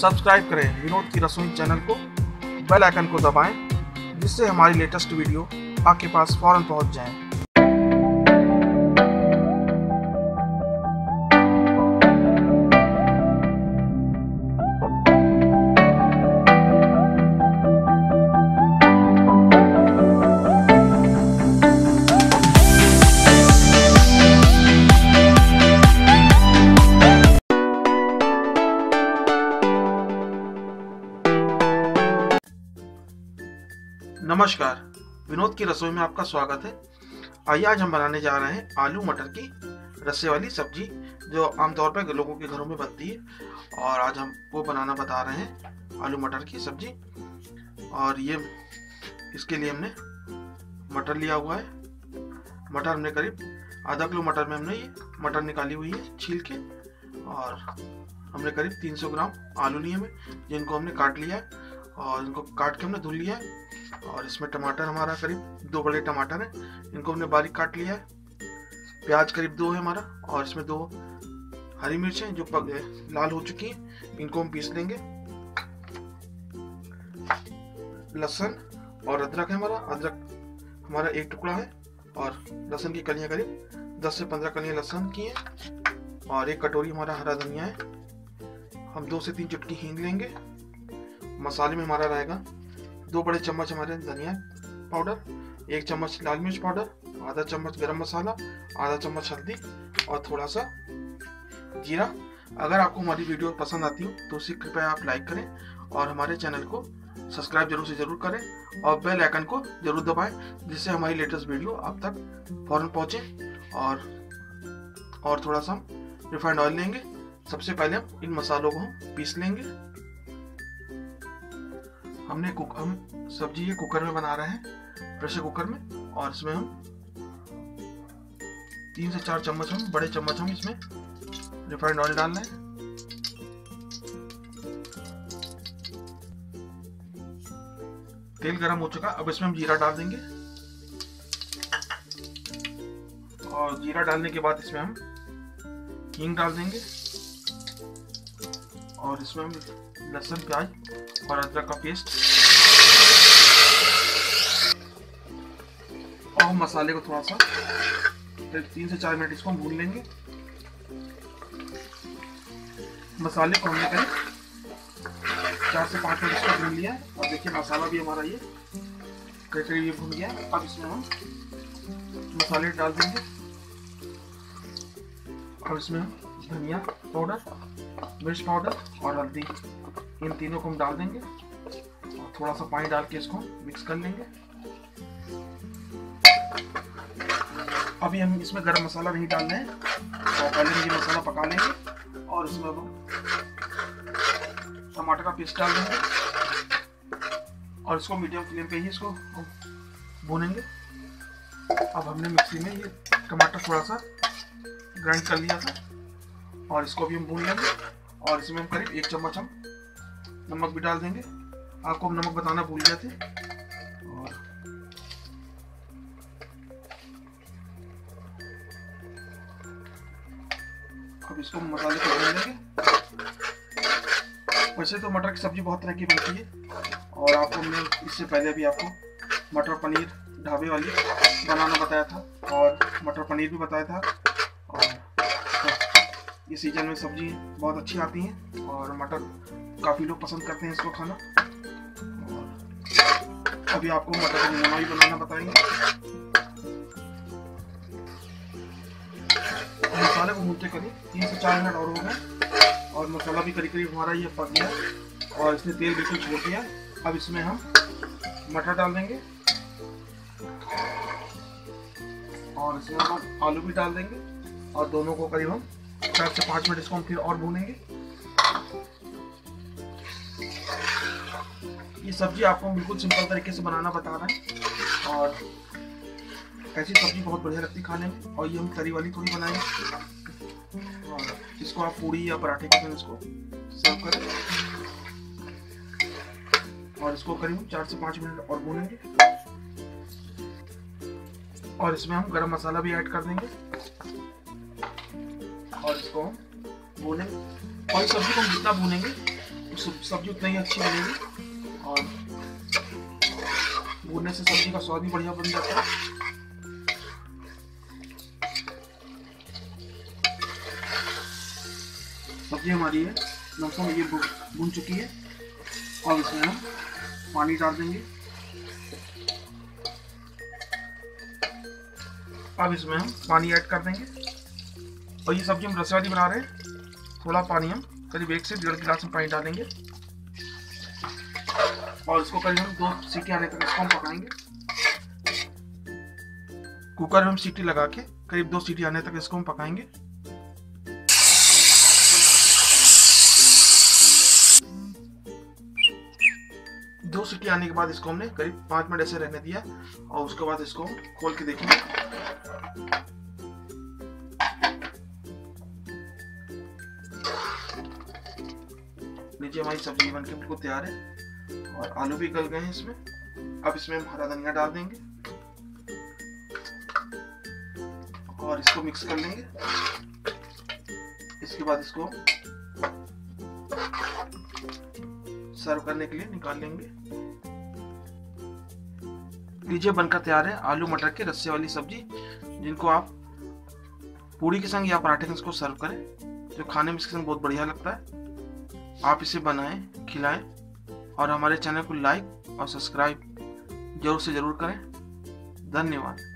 Subscribe करें विनोद की रसोई चैनल को बेल आइकन को दबाएं जिससे हमारी लेटेस्ट वीडियो आपके पास फ़ौरन पहुंच जाएं। नमस्कार विनोद की रसोई में आपका स्वागत है आइए आज हम बनाने जा रहे हैं आलू मटर की रस्से वाली सब्जी जो आमतौर पर लोगों के घरों में बनती है और आज हम वो बनाना बता रहे हैं आलू मटर की सब्जी और ये इसके लिए हमने मटर लिया हुआ है मटर हमने करीब आधा किलो मटर में हमने ये मटर निकाली हुई है छील के और हमने करीब 300 ग्राम आलू लिए हमें जिनको हमने काट लिया है और इनको काट के हमने धुल लिया है और इसमें टमाटर हमारा करीब दो बड़े टमाटर हैं इनको हमने बारीक काट लिया है प्याज करीब दो है हमारा और इसमें दो हरी मिर्चें जो पक लाल हो चुकी हैं इनको हम पीस लेंगे लहसन और अदरक है हमारा अदरक हमारा एक टुकड़ा है और लहसन की कलियां करीब दस से पंद्रह कलियां लहसन की हैं और एक कटोरी हमारा हरा धनिया है हम दो से तीन चुटकी हींग लेंगे मसाले में हमारा रहेगा दो बड़े चम्मच हमारे धनिया पाउडर एक चम्मच लाल मिर्च पाउडर आधा चम्मच गरम मसाला आधा चम्मच हल्दी और थोड़ा सा जीरा अगर आपको हमारी वीडियो पसंद आती हो तो उसे कृपया आप लाइक करें और हमारे चैनल को सब्सक्राइब जरूर से जरूर करें और बेल आइकन को जरूर दबाएं जिससे हमारी लेटेस्ट वीडियो आप तक फौरन पहुंचे और और थोड़ा सा हम रिफाइंड ऑयल लेंगे सबसे पहले हम इन मसालों को हम पीस लेंगे हमने कुक हम सब्जी ये कुकर में बना रहे हैं प्रेशर कुकर में और इसमें हम तीन से चार चम्मच हम बड़े चम्मच हम इसमें रिफाइंड ऑयल डाल रहे हैं तेल गर्म हो चुका अब इसमें हम जीरा डाल देंगे और जीरा डालने के बाद इसमें हम हींग डाल देंगे और इसमें हम लहसुन प्याज और अदरक का पेस्ट और मसाले को थोड़ा सा तीन से चार मिनट इसको भून लेंगे मसाले को हमने करें चार से पांच मिनट इसको भून लिया और देखिए मसाला भी हमारा ये कई कई ये भून गया अब इसमें हम मसाले डाल देंगे अब इसमें धनिया पाउडर मिर्च पाउडर और हल्दी इन तीनों को हम डाल देंगे और थोड़ा सा पानी डाल के इसको मिक्स कर लेंगे अभी हम इसमें गरम मसाला नहीं डाल रहे हैं तो पहले हम ये मसाला पका लेंगे और इसमें अब टमाटर का पेस्ट डाल देंगे और इसको मीडियम फ्लेम पे ही इसको भूनेंगे अब हमने मिक्सी में ये टमाटर थोड़ा सा ग्राइंड कर लिया था और इसको भी हम भून लेंगे और इसमें हम करीब एक चम्मच हम नमक भी डाल देंगे आपको हम नमक बताना भूल गए थे और अब इसको मसाले को डाल देंगे वैसे तो मटर की सब्जी बहुत तरह की बनती है और आपको हमने इससे पहले भी आपको मटर पनीर ढाबे वाली बनाना बताया था और मटर पनीर भी बताया था और ये सीजन में सब्जी बहुत अच्छी आती हैं और मटर काफ़ी लोग पसंद करते हैं इसको खाना और अभी आपको मटर मोना भी बनाना बताएंगे मसाले को भूनते करीब तीन से चार मिनट और हो गए और मसाला भी करीब करीब हमारा ये पक गया और इसने तेल बिल्कुल छोड़ दिया अब इसमें हम मटर डाल देंगे और इसमें हम आलू भी डाल देंगे और दोनों को करीब हम चार से पाँच मिनट इसको हम फिर और भूनेंगे ये सब्जी आपको बिल्कुल सिंपल तरीके से बनाना बता रहे हैं और ऐसी सब्जी बहुत बढ़िया लगती है खाने में और ये हम तरी वाली थोड़ी बनाएंगे और इसको आप पूड़ी या पराठे के इसको सर्व करें और इसको करीब चार से पाँच मिनट और भूनेंगे और इसमें हम गरम मसाला भी ऐड कर देंगे और इसको हम भूनेंगे और इस सब्जी को हम जितना भूनेंगे सब्जी उतनी ही अच्छी बनेगी और भूनने से सब्जी का स्वाद भी बढ़िया बन जाता है सब्जी हमारी है लमसम ये भून चुकी है और इसमें हम पानी डाल देंगे अब इसमें हम पानी ऐड कर देंगे और ये सब्जी हम रस बना रहे हैं थोड़ा पानी हम करीब एक से डेढ़ गिलास में पानी डालेंगे और इसको करीब हम दो सीटी आने तक इसको हम पकाएंगे कुकर में हम सीटी लगा के करीब दो सीटी आने तक इसको हम पकाएंगे दो सीटी आने के बाद इसको हमने करीब पांच मिनट ऐसे रहने दिया और उसके बाद इसको हम खोल के देखेंगे नीचे हमारी सब्जी बनके बिल्कुल तैयार है और आलू भी गल गए हैं इसमें अब इसमें हम हरा धनिया डाल देंगे और इसको मिक्स कर लेंगे इसके बाद इसको सर्व करने के लिए निकाल लेंगे लीजिए बनकर तैयार है आलू मटर की रस्से वाली सब्जी जिनको आप पूरी के संग या पराठे के सर्व करें जो तो खाने में इसके संग बहुत बढ़िया लगता है आप इसे बनाएं खिलाएं और हमारे चैनल को लाइक और सब्सक्राइब जरूर से ज़रूर करें धन्यवाद